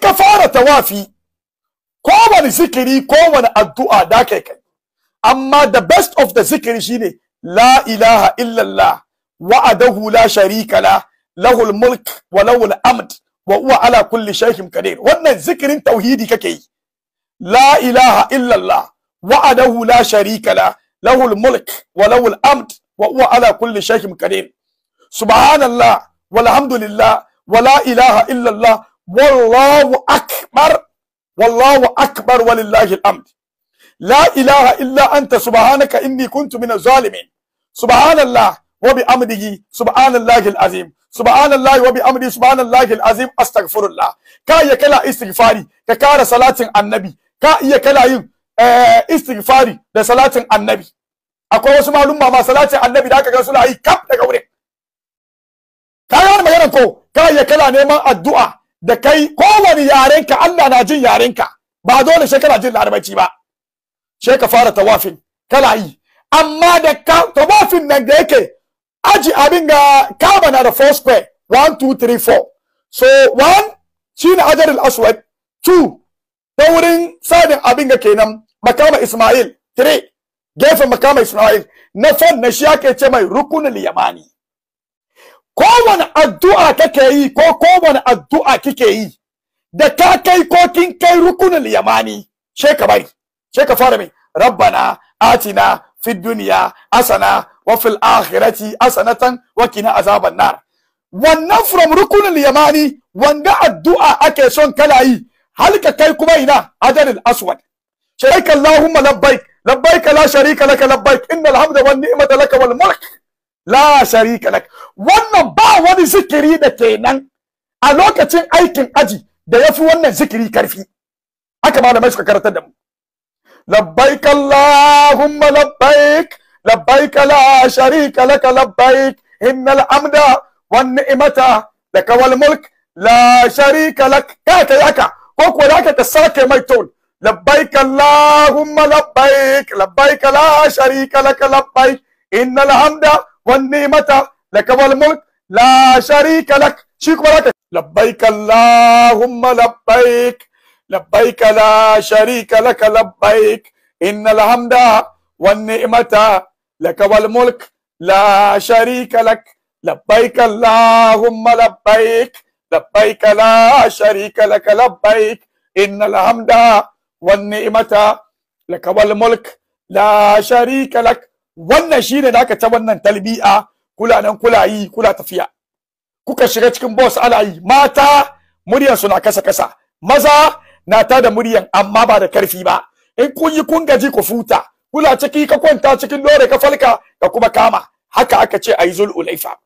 in ka fara tawafi kowane zikiri kowane addu'a da kai kai amma the best of the zikiri shine la ilaha illallah wa'adahu la sharika la lahul mulk wa lahul amd wa huwa ala kulli shay'in qadir wannan zikirin tauhidi kake yi la ilaha illallah wa'adahu la sharika la lahul mulk wa lahul amd wa huwa ala kulli shay'in qadir subhanallah walhamdulillah wa la ilaha illallah والله أكبر والله أكبر ولله الأمر لا إله إلا أنت سبحانك إني كنت من الظالمين سبحان الله وبأمره سبحان الله العظيم سبحان الله وبأمره سبحان الله العظيم أستغفر الله كاي كلا استغفاري ككار صلاة النبي كاي كلا آه، استغفاري ده صلاة النبي اكو wasu malumma ما صلاه النبي da aka سلاي كاب yi غوري كاي ما ka كاي كلا نيمان الدعاء da kai kowane yarenka Allah na jin yarenka ba dole sai kana jin larabaci ba sai ka fara tawafin kana yi amma da tawafin nan da yake aji abin ga kaba na da four square one two three four so one shine ajarul aswad two ta wurin sadin abin ga kenan makama ismail three gefen makama ismail na fan na shi ake ce mai rukunin yamani kowane addu'a kake yi ko kowane addu'a kike yi da ka kai ko kin kai rukunul yamani she ka bari she ka fara mai rabbana atina fid dunya asana wa fil akhirati asanatan wa qina azaban nar wannan from rukunul yamani wanda addu'a ake son kana yi hal ka kai kuma ina adaril aswad allahumma labbaik labbaik la sharika lak labbaik innal hamda wan ni'mata lak wal mulk la sharika lak wannan ba wani zikiri da kenan a lokacin aikin aji da yafi wannan zikiri karfi haka malamai suka karatar da mu labbaik allahumma labbaik labbaik la sharika lak labbaik innal amda wan ni'mata laka wal mulk la sharika lak kaka yaka ko ko zaka ta sake mai ton labbaik allahumma labbaik labbaik la sharika lak labbaik innal hamda والنعمة لك والملك لا شريك لك شيك ولك لبيك اللهم لبيك لبيك لا شريك لك لبيك إن الحمد والنعمة لك والملك لا شريك لك لبيك اللهم لبيك لبيك لا شريك لك لبيك إن الحمد والنعمة لك والملك لا شريك لك wannan shine da aka ta wannan talbi'a kula nan kula yi kula tafiya kuka shiga cikin boss ala yi mata muryan su na kasa kasa maza na ta da muryan amma ba da karfi ba in kun yi kun gaji ku futa kula ciki ka kwanta cikin lore ka falka ka kuma kama haka aka ce ayi ulaifa.